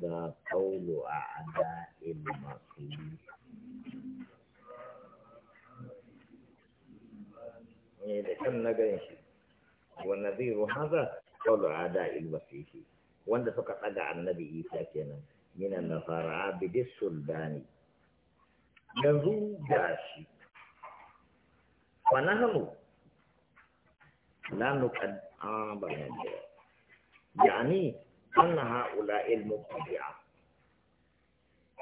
da kaulu a ada masu yi ne da kan na gan shi wanda zai ruhaza kaulu a ada masu yi wanda suka tsaga annabi isa kenan minan na fara abidis sultani yanzu ga shi wani hannu lanukan a bayan da ya ni أن هؤلاء المبتدعة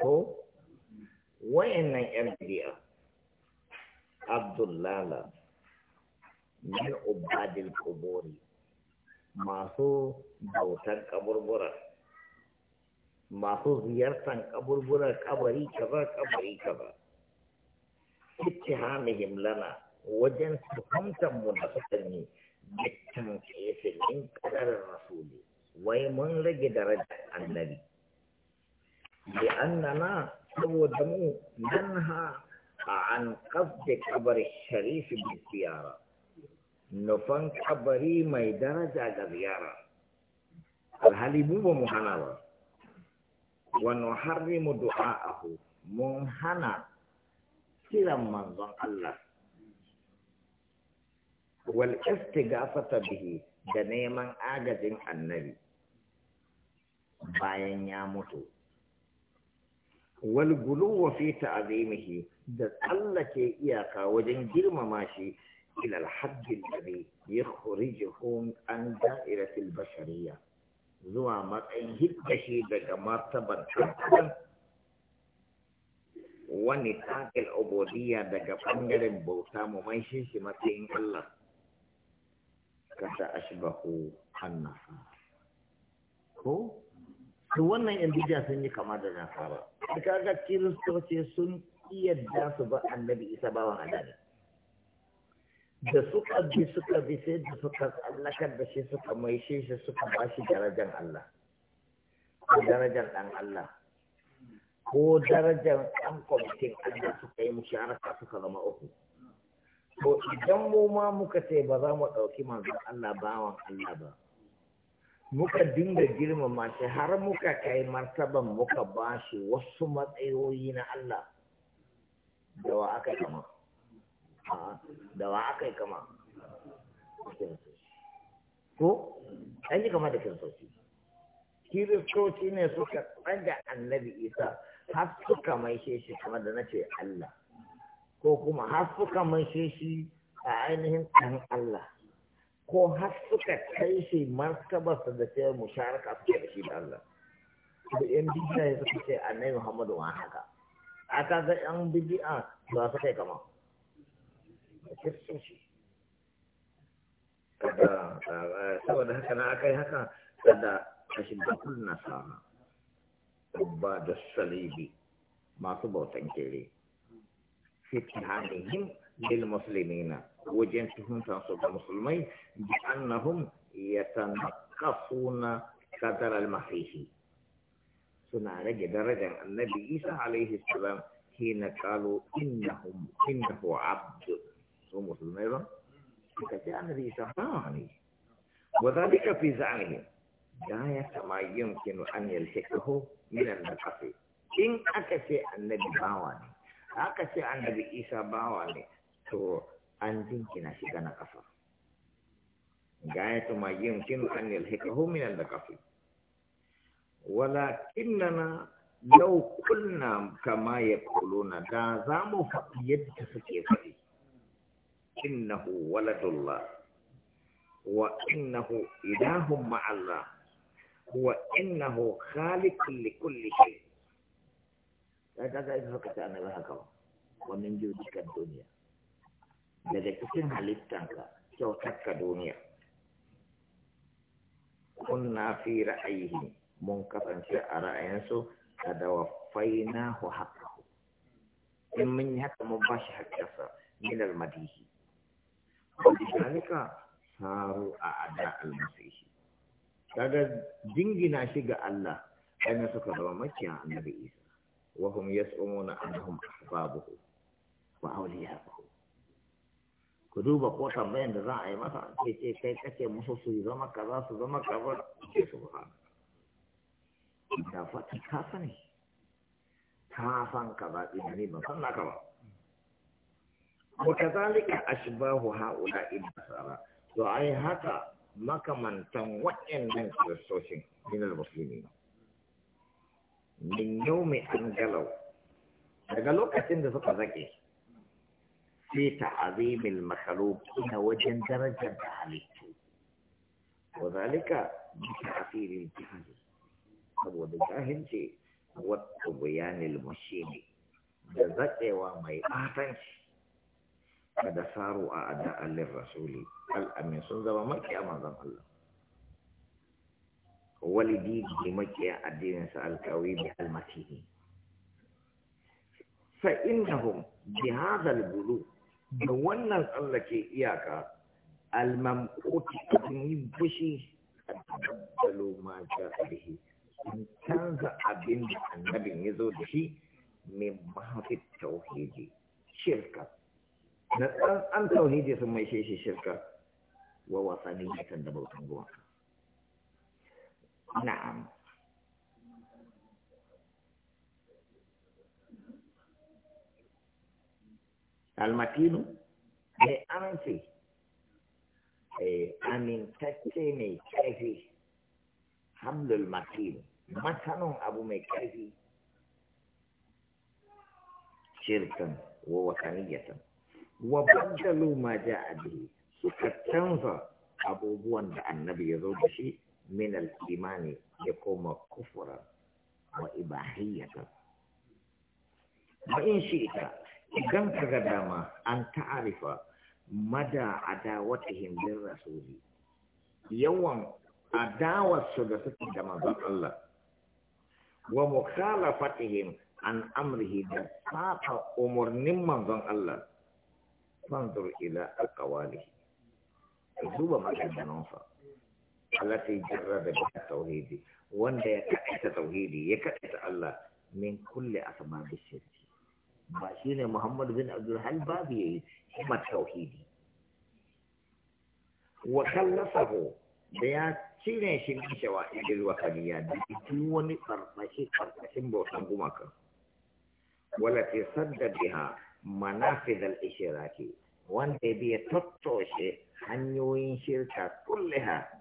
هو وإن ينبيع عبد الله من عباد القبور ما هو بوتا قبر برا ما هو زيارتا قبر برا قبري كذا قبري كذا اتهامهم لنا وجن سبحانه منافقني بيتنك ايسلين قدر الرسولين wai mun rage darajar annabi bi annana saboda mu nanha an qabdi kabar sharif bi ziyara nufan kabari mai daraja da ziyara alhali mu ba mu hana ba du'a du'a ku? mun hana kiran manzon Allah wal ta bihi da neman agajin annabi bayan ya mutu wal wa fi ta'zimihi da tsallake iyaka wajen girmama shi ila al-hadd alladhi yukhrijuhum an da'ira al-bashariyya zuwa matsayin shi daga martaban tattalin wani takil obodiya daga bangaren bauta mu mai shi shi matsayin Allah kasa ashbahu hannafa ko to wannan yan bidiya sun yi kama da nasara da kaga kiristoci sun yadda su ba annabi isa bawan adani da suka bi suka bi sai da suka tsallakar da shi suka maishe shi suka ba shi darajar Allah ko darajar dan Allah ko darajar ɗan kwamitin Allah suka yi musharaka suka zama uku to idan mu ma muka ce ba za mu ɗauki manzon Allah bawan Allah ba muka dinga girmama shi har muka kai martaban muka ba shi wasu matsayoyi na Allah da wa aka kama da wa aka yi kama ko an yi kama da kiristoci kiristoci ne suka tsaga annabi isa har suka maishe shi kama da na ce Allah ko kuma har suka maishe shi a ainihin ɗan Allah ko har suka kai shi martabarsa da ce musharaka suke da shi da Allah da yan bidiya ya suka ce annai muhammadu wa haka a ga yan bidiya za su kai kama a shi saboda haka na aka yi haka da kashin da kullum sana ba da salibi masu bautan kere fitanihim للمسلمين وجنتهم تنصب المسلمين بأنهم يتنقصون قدر المسيح سنة درجة النبي عيسى عليه السلام حين قالوا إنهم إنه عبد هم مسلمين كتاء النبي عيسى وذلك في زعمهم غاية ما يمكن أن يلحقه من النقص إن أكثر النبي باواني أكثر النبي عيسى باواني to an jinkina shi ga na ƙasa gayatu ma kin an yalhiqahu min al-naqasi walakinna law kunna kama yaquluna da zamu faɗi yadda suke fadi innahu waladullah wa innahu ilahum ma allah wa innahu khaliq li kulli shay da ga suka ta annabi haka wannan jirgin duniya daga cikin halittanka ka duniya na fi ra'ayihi mun kasance a ra'ayinsu a dawafai na hu haƙƙahu in mun yi haka mun ba shi haƙƙarsa min almadihi wanda zalika saro a ada almasihi kaga jingina shi ga Allah kana suka zama makiyan annabi Isa wa babu yas'umuna annahum ahbabuhu wa awliya'uhu ku duba ko tambayan da za a yi masa ce ce kai kake musu su zama kaza su zama kaza ke su ba da fata ka sani ta san kaza ɗin ne ba san naka ba wakazalika ashbahu haula in nasara to ai haka makamantan waɗannan kiristocin min al-muslimin min mai an galau daga lokacin da suka zake في تعظيم المخلوق إلى وجن درجة عليكم وذلك بتعثير الجهل أبو الجاهل شيء والطبيان المشين جزاك وما يأتنش قد صاروا أعداء للرسول الأمين سنزا ومكي أمازم الله ولدي بمكي الدين سألكوي بألمتيه فإنهم بهذا البلوغ da wannan tsallake iyaka almamkuti sun yi fushi tabbalo ma ga alhi sun canza abin da annabin ya zo da shi mai mafi tauhidi shirka na ɗan an tauhidi sun mai shi shirka wa wasanni ya kan da bautan gumaka na'am almatinu mai aminci eh, amintacce mai ƙarfi hamdul matin masanin abu mai ƙarfi shirkan wa wakaniyatan wa bandalu ma ja a bihi suka canza abubuwan da annabi ya zo da shi min al-imani ya koma kufura wa ibahiyatan ba in shi ita idan ka ga dama an ta'arifa mada adawatihim bin rasuli yawan adawarsu da suke da manzon Allah wa mukhalafatihim an amrihi da saba umarnin manzon Allah fanzur ila alqawalihi duba maganganunsa allati da ta tauhidi wanda ya ta tauhidi ya ta Allah min kulle samar da shirki ba shi ne Muhammad bin hal babu ya yi himar tauhidi. Wa kallasahu da ya cire shi ne shawa idil wa da duk wani karkashi karkashin bautan gumaka. Wala ta sadda biha manafid al-ishiraki wanda ya biya tattoshe hanyoyin shirka kulliha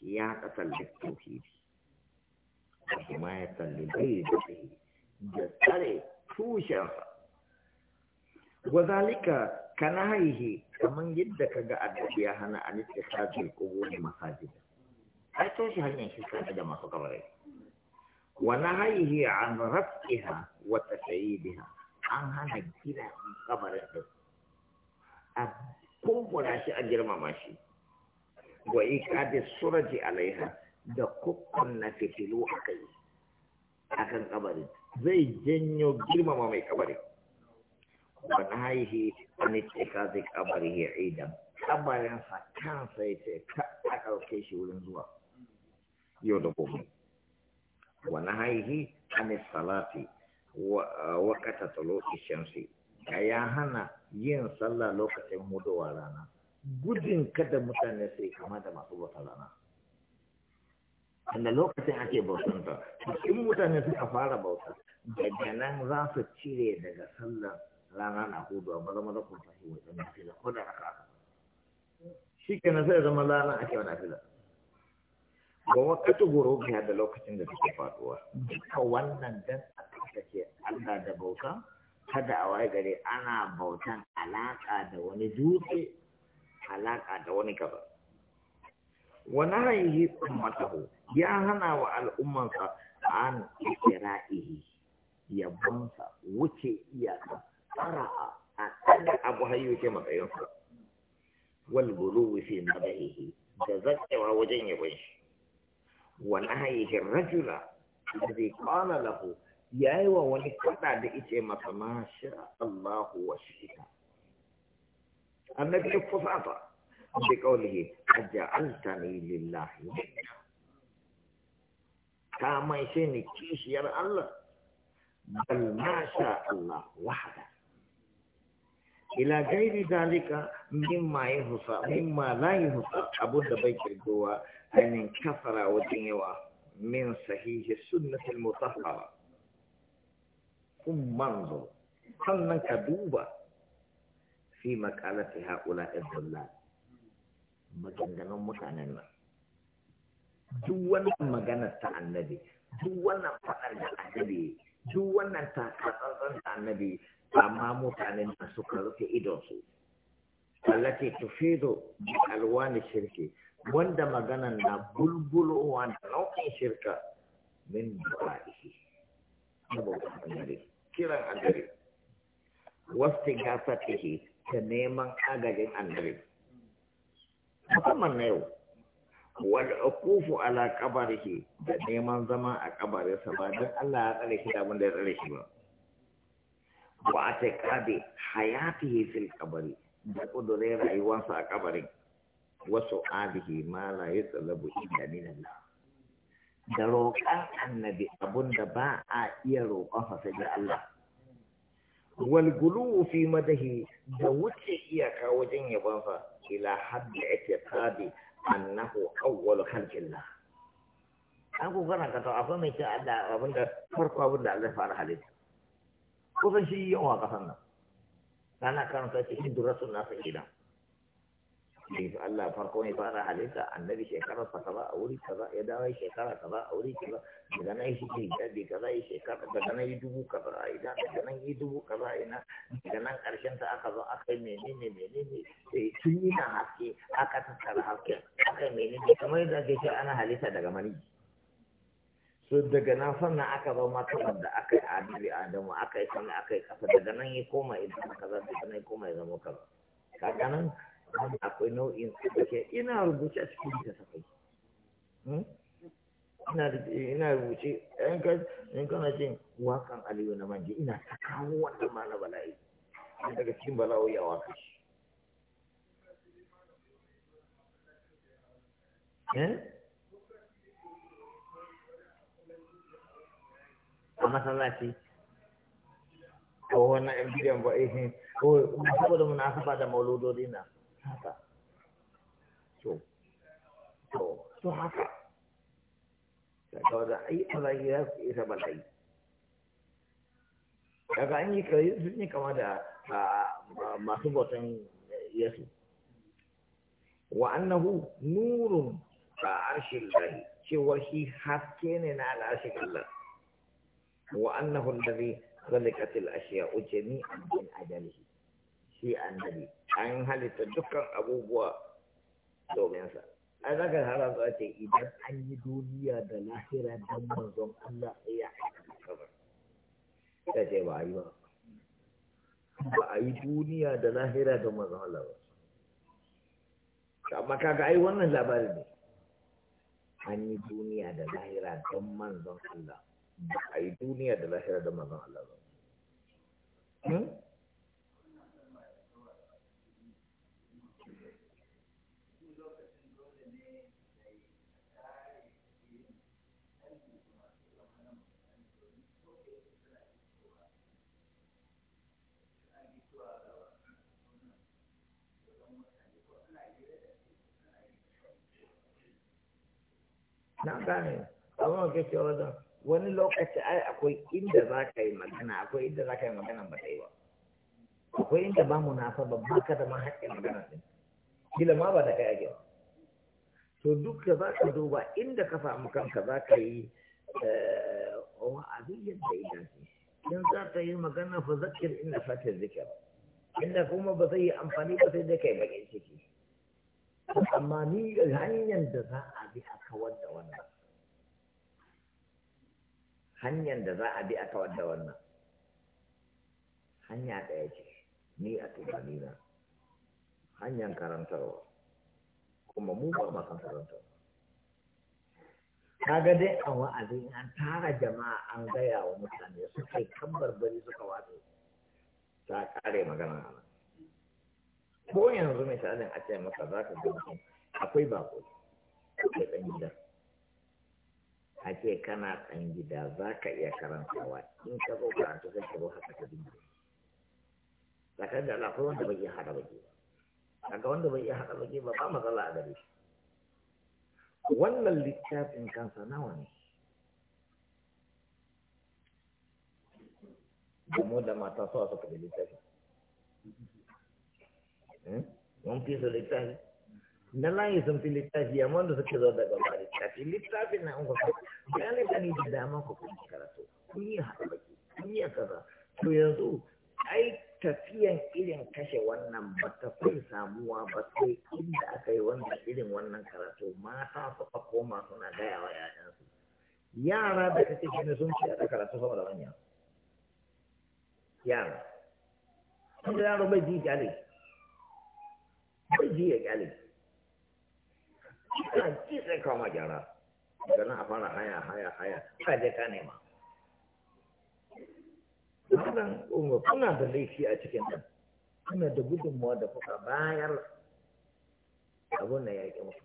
ya kasar da tauhidi. Wa himayatar bai da tsare tushensa wazalika kana haihi kamar yadda ka ga addu'a ya hana an ittikhadul qubur masajid ai to shi hanyar shi kan da masu kabarai wa haihi an rafiha wa tasayyidiha an hana gina kabarin su. a kumbura shi a girmama shi wa kadi suraji alaiha da kukkun na fitilu a akan kabarin zai janyo girmama mai kabari Wani a nahihi ka zai kabari ya idan kabarinsa kansa ya ce ka a ɗauke shi wurin zuwa yau da gobe haihi a an salati wa kata tsalo ishamsi ya hana yin sallah lokacin mudowa rana gudun kada mutane sai kama da masu wata rana wanda lokacin ake bautanta in mutane suka fara bauta daga nan za su cire daga sallar rana na hudu maza maza tafiya da wajen fila ko da raka shi ke na sai zama ranar ake wa nafila ba wakati goro biya da lokacin da suke faduwa duka wannan dan a ke Allah da bauta kada a waye gare ana bautan alaka da wani dutse alaka da wani gaba wa nahihi ya hana wa al'ummansa an ya yabonsa wuce iyaka fara'a a ɗan abu hayo ke matsayinsa wal guluwi fi da zakewa wajen yabon shi wa nahihi rajula alladhi qala ya yi wa wani fada da ice masa masha Allahu wa shi'ita annabi ya fusata Ka ma isaini kishi ya ra'alla? Bannasha Allah wahala. Ila gani ne da alika min maye husa, min malayen husa, abunda bai girgowa, aini kafara farawe jinyawa, min sahihi sunnatil sai mu kannan Ku manzo, hali na ka duba, si maƙala ke hakula maganganun mutanen nan duk wannan maganar ta annabi duk wannan faɗar da annabi duk wannan takatsantsan ta annabi amma mutanen nan suka rufe idonsu allati tufido bi alwani shirki wanda maganan na bulbulowa da nau'in shirka min du'a'ihi saboda annabi kiran annabi wasu gasatihi ta neman agajin annabi musamman na yau wadda Akufu ala ke da neman zama a kabarinsa ba don Allah ya tsare shi da abin da ya tsare shi ba wa hayati hayatihi fil qabri da kudure rayuwarsa a kabarin wasu adihi ma la yatalabu illa min Allah da roƙa annabi abunda da ba a iya roƙon sai da Allah walgulu fi madahi da wuce iyaka wajen ya ila haɗe ake tabi annahu awwal khalqillah an ku gana ka to a fama ce Allah abin da farko abin da Allah fara halitta kusan shi yawa kasan nan kana kan ka ce hindu rasul na da Allah farko ne fara halitta annabi shekara sa kaza a wuri kaza ya dawo shekara kaza a wuri kaza daga nan shi ke hijabi kaza yi shekara daga nan yi dubu kaza a ina daga nan yi dubu kaza a ina daga nan karshen ta aka zo aka yi menene menene eh, tun yi na haske aka tattara haske aka yi menene kamar yadda ake ce ana halitta daga mani so daga nan sannan aka zo matsalar da aka yi adabi adamu aka yi sama aka yi kasa daga nan ya koma idan kaza daga nan ya koma ya zama kaza kaga nan akwai nau'in ke ina rubuce a cikin hmm? da safai ina rubuce ɗan ka in kana jin wakan aliyu na manje ina ta kawo wata ma na bala'i daga cikin bala'o a waka shi eh? a masallaci a wannan yan bidiyon ba eh, eh, ko saboda munasaba da mauludodi na haka to to to haka da kawai da ai bala'i ya su isa bala'i daga an yi kare sun yi kama da masu bautan yesu wa annahu nurun a arshin lahi cewar shi haske ne na al'arshin Allah wa annahu alladhi khalaqatil ni jami'an min ajalihi shi annabi an halitta dukkan abubuwa sa ai zaka hara zuwa ce idan an yi duniya da lahira don manzon Allah ya kabar ta ce ba yi ba ba a yi duniya da lahira don manzon Allah ba amma kaga ai wannan labarin ne an yi duniya da lahira don manzon Allah ba a yi duniya da lahira don manzon Allah ba hmm? na gane ke wani lokaci ai akwai inda za ka yi magana akwai inda za ka yi magana ba ta yi ba akwai inda ba mu nasa ba ba ka da ma haƙƙin magana ɗin kila ma ba da kai ake ba to duk da za ka duba inda ka samu kanka za ka yi eh, wa'azi yadda ya dace in za ka yi magana fa zakir inda fatin zikir inda kuma ba zai yi amfani ba sai dai kai bakin ciki amma ni hanyar da za a bi a kawar da wannan hanyar da za a bi a kawar da wannan hanya ɗaya ce ni a tunanina hanyar karantarwa kuma mu ba masan karantarwa kaga dai an wa'azi, an tara jama'a an gaya wa mutane su kai kan barbari suka watsa ta kare magana a nan ko yanzu misalin a ce maka za ka gani akwai bako akwai ɗan gida a ce kana ɗan gida za ka iya karantawa in ka zo karanta sai ka haka ka dinga tsakar da Allah akwai wanda bai iya haɗa baki ba kaga wanda bai iya haɗa baki ba ba matsala a gare shi wannan littafin kansa nawa ne da da mata su a suka da littafin mun fi su littafi na layi sun fi littafi amma da suke zo daga ba littafi littafin na unka kuma gane gani da dama ku kun karatu kun yi haɗaki kun yi kaza to yanzu ai tafiyan irin kashe wannan ba ta kai samuwa ba sai inda aka yi wannan irin wannan karatu mata ka koma suna gaya wa su. yara da kake gani sun ce a karatu sama da manya yara. Sun da yaro bai ji jale. bai ji ya kyale ina ji sai kama gyara daga a fara haya haya haya ka je ka nema wannan umar kuna da laifi a cikin nan kuna da gudunmuwa da kuka bayar abun da ya ƙi mutu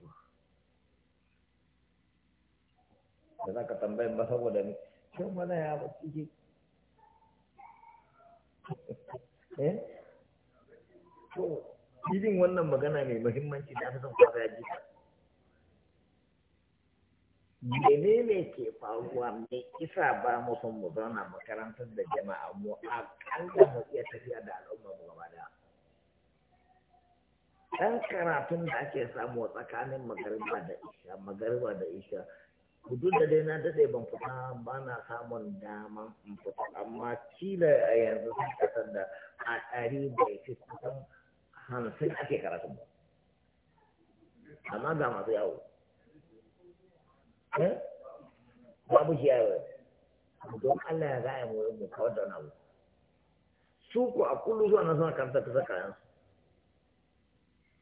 da za ka tambayin ba saboda ni shin wani ya ba ciki eh irin wannan magana mai muhimmanci da aka san kwata ya Mene menene ke faruwa mai isa ba mu mu zauna makarantar da jama'a mu a kalla mu iya tafiya da al'umma mu gaba da ɗan karatun da ake samu tsakanin magariba da isha magariba da isha duk da dai na daɗe ban fita ba na samun daman in fita amma kila a yanzu sun kasar da a ɗari da ya fi kusan hamsin ake karatun ba amma ga masu yawo eh? babu shi yawo don Allah ya gaya mu mu kawar da wani abu su ko a kullu zuwa nan suna karanta ta kayan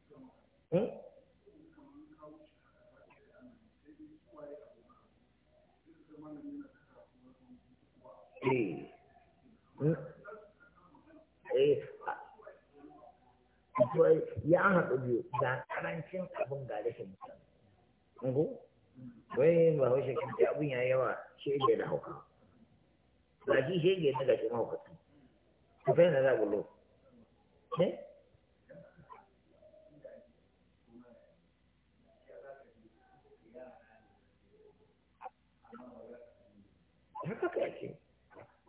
su hmm? Eh, hmm? eh, ya haɗu biyu ga ƙarancin abin ga rashin mutane ko wai ba haushe shi ta abin ya yawa shege da hauka ba shi shege na gashi hauka. ku fai za ku lo haka ce.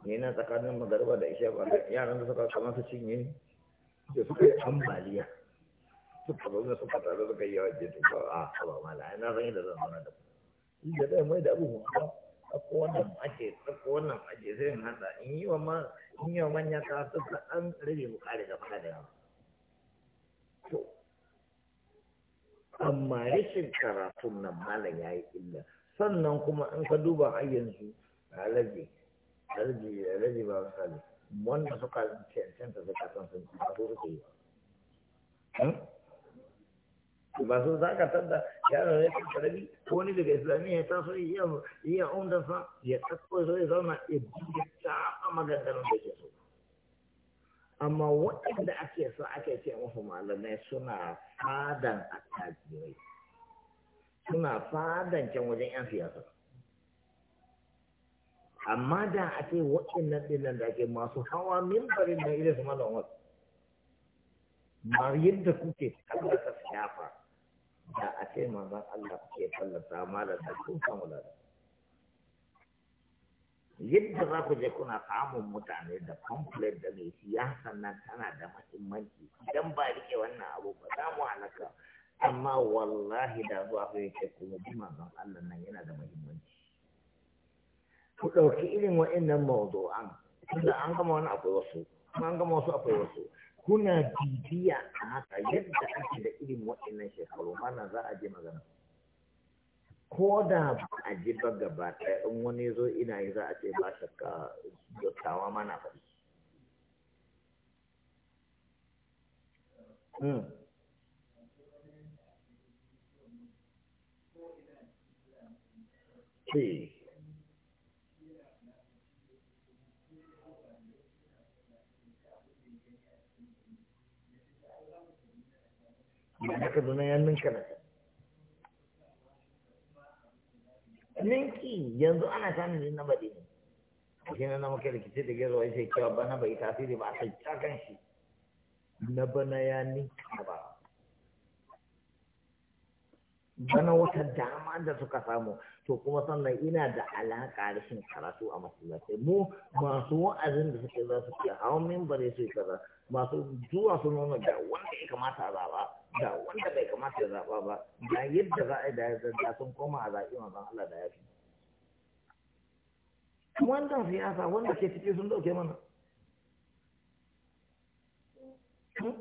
Ni na tsakanin magarba da ishe ba yaran da suka kama su cinye da suka yi ambaliya suka zaune suka tare suka yi yawan jirgin ah, ba a ma mala na yi da zan zauna da ku da zai mai da abubuwa ba ɗauko wannan ake ɗauko wannan ake sai in haɗa in yi wa ma in yi wa manya ta suka ɗan rage mu kare da kare da yawa to amma rashin karatun nan mala ya yi illa sannan kuma in ka duba a yanzu alaji a alaji ba misali wanda suka cancanta suka san sun ba su suke yi ba hmm? su za tadda yaro ne kan karabi ko wani daga islamiyya ya taso iya iya umdansa ya tsakko so, ya zauna ya dinga ta maganganun da ke so amma waɗanda ake so ake ce musu malamai suna fadan attajirai suna fadan can wajen 'yan siyasa amma da a ce waɗannan ɗinnan da ake masu hawa mimbarin da irin su malam wasu ba yadda kuke tallata shafa da a ce manzan Allah ke tallata malam da kun samu lada yadda za ku je kuna samun mutane da pamphlet da mai siyasa nan tana da mahimmanci idan ba rike wannan abu ba za mu halaka amma wallahi da zuwa ku yake kuma bi manzan Allah nan yana da mahimmanci ku ɗauki irin wa'annan mawdu'an tunda an gama wani akwai wasu kuma an gama wasu akwai wasu kuna bibiya a haka yadda ake da irin wa'annan shekaru mana za a je magana ko da ba a ji ba gaba ɗaya in wani zo ina yi za a ce ba shakka dottawa mana faɗi hmm. Sí. ba da kaduna ya ninka na ninki yanzu ana samun na baɗi ne shi na muka rikici da gazawa sai cewa bana bai tasiri ba aka ta kan shi na bana ya ninka ba bana wata dama da suka samu to kuma sannan ina da alaƙa rashin karatu a masallatai mu masu wa'azin da suke za su ke hawan mimbare su kaza masu zuwa su nuna da wanda ya kamata a zaba da wanda bai kamata ya zaɓa ba da yadda za a yi da ya zanta sun koma a zaɓi manzon Allah da ya fi wannan siyasa wanda ke ciki sun ɗauke mana hmm?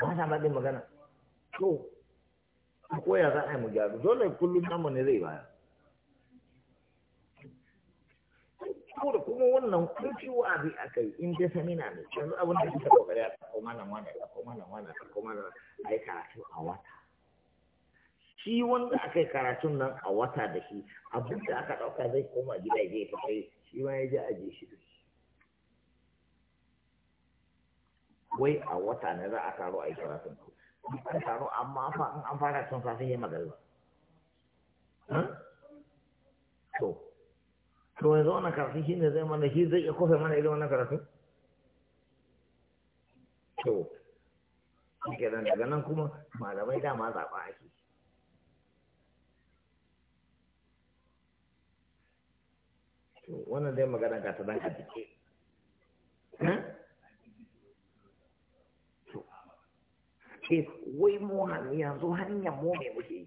ba sa daɗin magana to a koya za a yi mu gyaru dole kullum namu ne zai baya da kuma wannan kunci wa'azi a kai in dai samina ne yanzu abin da kuka kokari a tsako malam wani tsako malam wani tsako malam a karatu a wata shi wanda akai karatun nan a wata da shi abin da aka ɗauka zai koma gida ya ta kai shi ma ya je aje shi wai a wata ne za a taro a yi karatun ku an taro amma an fara sun safe ya magana hmm? to to yanzu wannan karatu shi ne zai mana shi zai iya kofe mana irin wannan karatu to shi nan daga nan kuma malamai dama zaɓa ake to wannan dai magana ga ta zan a jike ke hmm? wai mu yanzu hanyar mu mai muke yi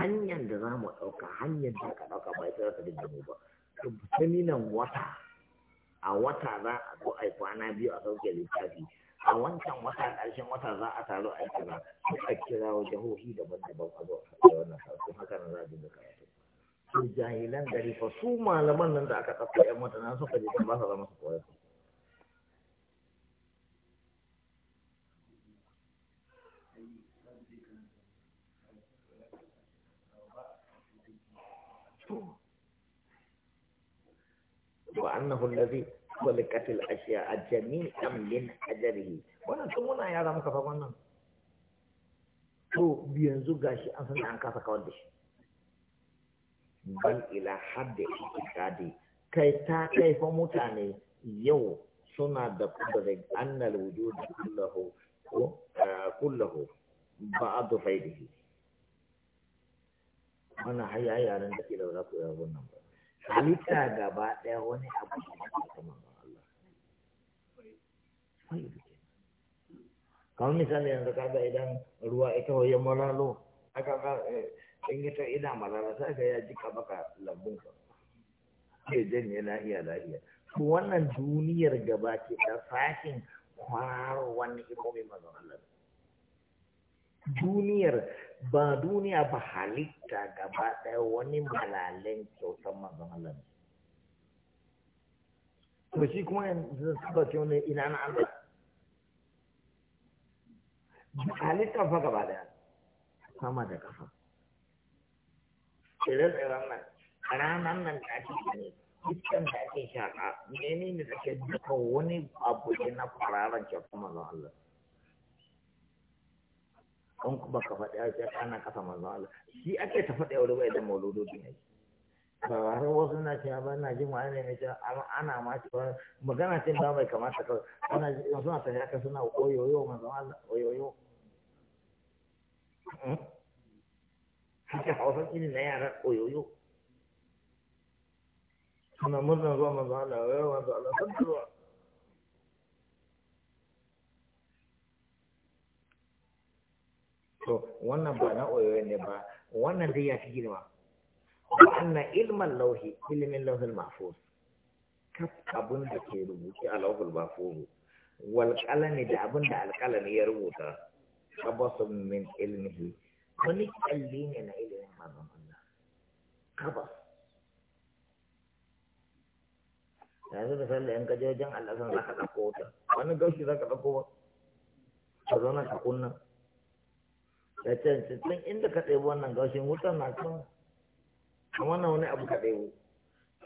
hanyar da za mu ɗauka hanyar da ka ɗauka bai tsara ta dinga ba ba nan wata a wata za a zo a kwana biyu a sauke littafi a wancan wata ƙarshen wata za a taru a kira a kira daban-daban a zo a wannan sarki haka na za a dinga karatu su jahilan gari fa su malaman nan da aka tsaka ƴan wata na suka je kan ba su zama su koyar وأنه الذي خلقت الأشياء جميعا من حجره wannan tun muna yara muka fa wannan to yanzu gashi an san an kasa kawar da shi bal ila hadda itikadi kai ta kai fa mutane yau suna da kudare annal wujudi kullahu eh, kullahu ba'd faidihi wannan har yayi yaran da ke da za ku yi abun nan ba halitta gaba ɗaya wani abu da ke kama ba Allah kamar misali yanzu kaga idan ruwa ita hoye malalo aka ga eh, in ita ina malala sai ga ya ka baka lambun ka ke janye lahiya lahiya to wannan duniyar gaba ke ta fashin kwararwan ni'imomin mazan Allah duniyar ba duniya ba halitta gaba ɗaya wani malalen kyautar manzon Allah ne. To shi kuma yanzu saba ce wani ina na Allah. Halittar fa gaba ɗaya sama da kafa. Tsire-tsiren nan, ranar nan da ake gani, iskan da ake shaƙa, menene da take duka wani abu ne na kwararan kyautar manzon Allah. an ku baka faɗi a ce ana kasa manzon Allah shi ake ta faɗi wani bai da mauludodi ne ba har wasu na cewa ba na jin wani ne ce ana ma ba magana ce ba mai kamata kawai ana jin na ta haka suna oyoyo manzon Allah oyoyo hmm? haka hausan irin na yara oyoyo suna murnar zuwa manzon Allah oyoyo manzon Allah sun zuwa to wannan ba na oyoyo ne ba wannan zai ya fi girma wannan ilmin lauhi ilimin lauhin mahfuz kaf abin da ke rubuce a lauhul mahfuz wal kalami da abin da alkalami ya rubuta kabasu min ilmihi wani kalli ne na ilimin manzon Allah qabas yanzu da sallah yan kaje Allah san zaka dauko wani gaushi zaka dauko ba ka zauna ka kunna da can tun inda ka ɗebo wannan gaushin wutan na kan wannan wani abu ka ɗebo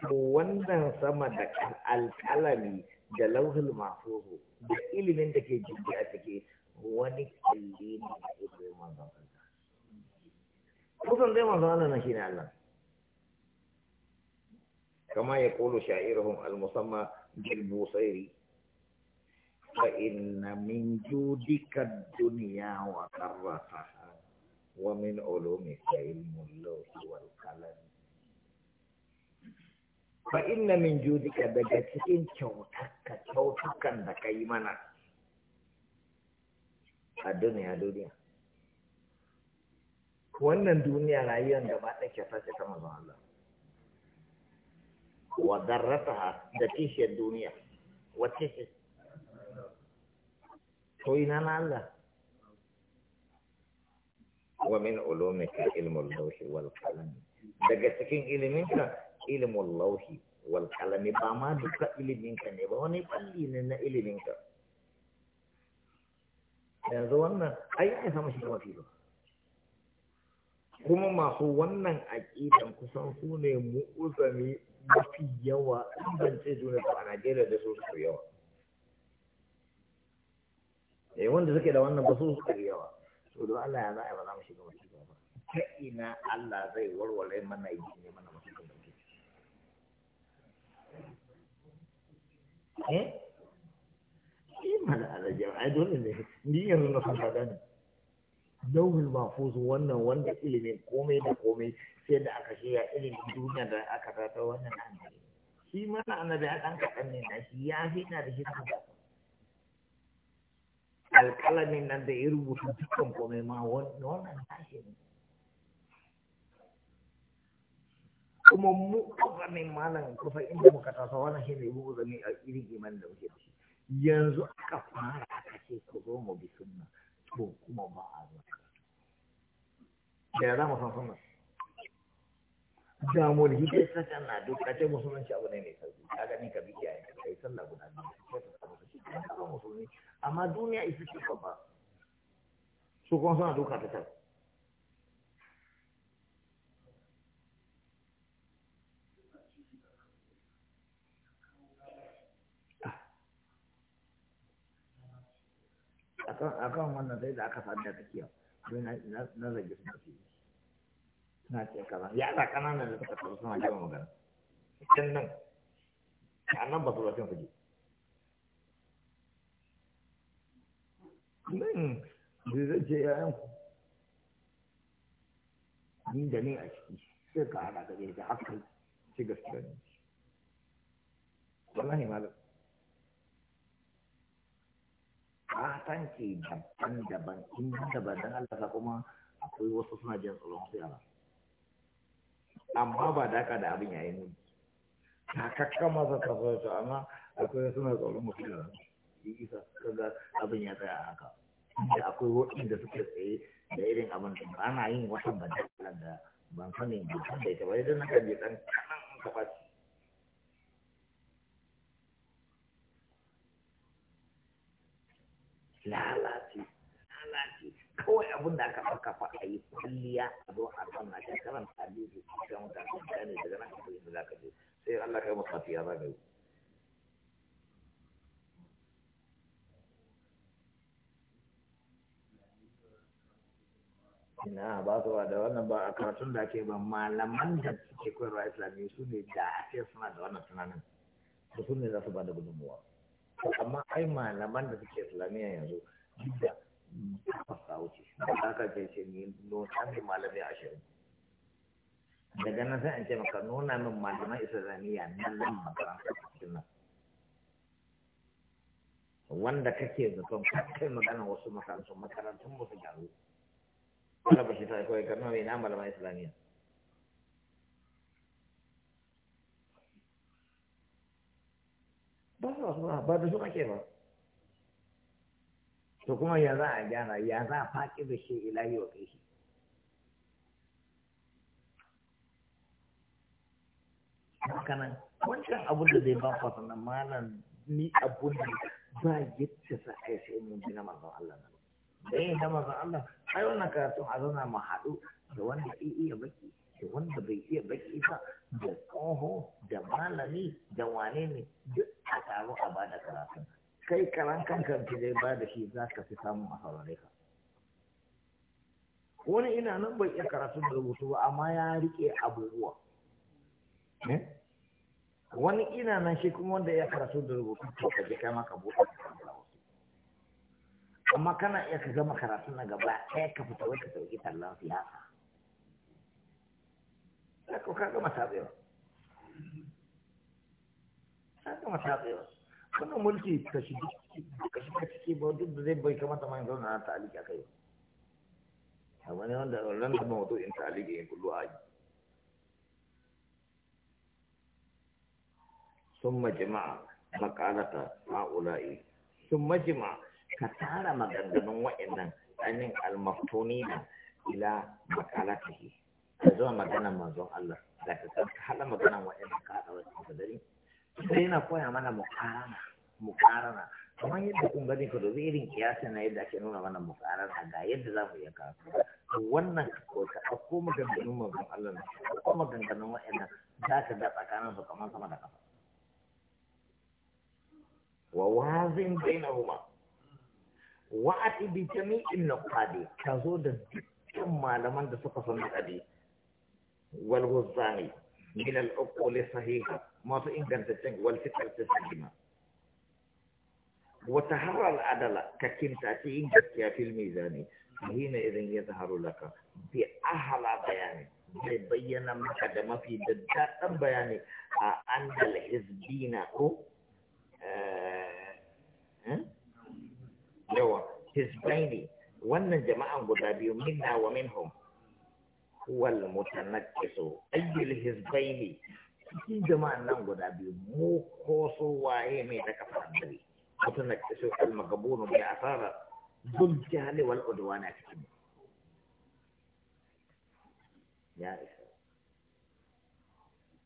to wannan sama da alƙalami da lauhul mafuhu da ilimin da ke jirgi a ciki wani kalli ne da ilimin manzon Allah kusan zai manzon Allah na ne Allah kama ya kulu sha'iruhum al-musamma bil busairi fa inna min judika wa wa min ulumi ilmu lahi wal kalam fa na min ka daga cikin kyauta kyautaka kyautukan da ka yi mana a duniya duniya wannan duniya rayuwar da ba ta kyauta ce ta mazan Allah wa darrataha da tishiyar duniya wa ce to ina na Allah wa min ulumika ilmul lauhi wal qalami daga cikin ka ilmul lauhi wal qalami ba ma duka ka ne ba wani balli ne na ka yanzu wannan ai ne sama shi kuma filo kuma masu wannan aqidan kusan su ne mu'uzami mafi yawa in ban ce juna a Najeriya da su su yawa. Eh wanda suke da wannan ba su su yawa. to don Allah ya za a ba za mu shiga masifa ba ta ina Allah zai warware mana yi ne mana masifa da ke eh ima da alajar ai dole ne ni yanzu na san kada ne dauhul mahfuz wannan wanda ilimin komai da komai sai da aka shirya ilimin duniya da aka zata wannan annabi shi mana annabi ya ɗan kaɗan ne na shi ya fi na da shi kan alƙalamin nan da ya rubuta dukkan komai ma wannan tashi ne kuma mu ma malam kusa inda muka tasa wannan shi ne mu zami a irin iman da muke ci yanzu aka fara aka ce ku zo mu bi sunna to kuma ba a zo da ya zama san sunna da mulki dai na duk kace musulunci abu ne mai sauki kaga amma duniya ita ce ba, su kuma suna duka ta tara kan wannan sai da aka sadda da kiyar don na zage suna fi na ce kaza ya da kananan da suka taru suna jama magana can nan a nan ba su rafin kuje nan zai zai ce yayan ku ni da ni a ciki sai ka hada da da haka ci gaskiya ne wallahi malam fatanci daban-daban in daban dan Allah kuma akwai wasu suna jin tsoron wasu yara amma ba daka da abin yayin nuni ta kakka masa kafa amma akwai suna tsoron wasu yara shi isa kaga abin ya tsaya haka da akwai waɗanda suke tsaye da irin abin da ana yin wata badalan da ban sani ban san da ita ba idan na kaje dan kanan in ka fashi kawai abin da aka saka fa a yi kwalliya a zo a kan na shekaran tarihi a kan mutane daga nan kafin da za ka je sai Allah kai masu ba za ka yi ina ba su da wannan ba a karatun da ake ba malaman da suke koyarwa islamiyya su ne da ake suna da wannan tunanin da su ne za su ba da gudunmuwa amma ai malaman da suke islamiyya yanzu duk da tafasa wuce da haka ce ce ni nuna min malamai ashirin daga nan sai an ce maka nuna min malaman islamiyya na nan makaranta cikin nan wanda kake zaton kai magana wasu makarantun makarantun musu gyaru wala ba shi ta koyi karno mai na malama islamiyya ba ba da su ake ba to kuma ya za a gyara ya za a faƙi da shi ilahi wa kai shi hakanan wancan abun da zai ba fasa na malam ni abun da ba yadda za a yi sai mun bi na manzon Allah nan da da manzon Allah ai wannan karatun a zauna mu haɗu da wanda ya iya baki da wanda bai iya baki ba da tsoho da malami da wane ne duk a taru a ba da karatu kai karan kankan ki dai ba da shi za ka fi samun a saurare ka wani ina nan bai iya karatu da rubutu ba amma ya rike abubuwa eh? wani ina nan shi kuma wanda ya karatu da rubutu to ka je kai maka buɗe amma kana iya ka gama karatu na gaba ɗaya ka fita wata sauki tallan siyasa ya ka ka gama taɓewa ka gama taɓewa wannan mulki ka shiga ciki ba duk da zai bai kamata ma yanzu na ta'aliki akai ba a wani wanda ran da wato in ta'aliki in kullu yi sun جمع مقالة ma'ula'i sun جمع ka tara maganganun wa'annan ainihin almaftoni na ila ke ka zuwa maganan manzon Allah da ka san haɗa maganan wa'annan ka haɗa wasu sadari sai yana koya mana mukarana mukarana kamar yadda kun gani ku dubi irin kiyasa na yadda ake nuna mana mukarana ga yadda za mu iya karatu wannan ko ka ɗauko maganganun manzon Allah na ɗauko maganganun wa'annan za ka da tsakanin su kamar sama da kafa wa wazin bainahuma wa'ati bi jami'in nuqadi ka zo da dukkan malaman da suka san nuqadi wal huzzani min al uqul sahiha masu ingantaccen wal fikr tasdima wa tahara al adala ka kinta ta yin gaskiya fil mizani hina idan ya zaharu laka bi ahla bayani zai bayyana maka da mafi daddaɗan bayani a andal hizbina ko eh yawa hizbaini wannan jama'an guda biyu minna wa minhum wal mutanakkisu ayyul hizbaini cikin jama'an nan guda biyu mu ko so waye mai da kafa dare mutanakkisu al magabunu bi asara dul jahli wal udwana cikin ya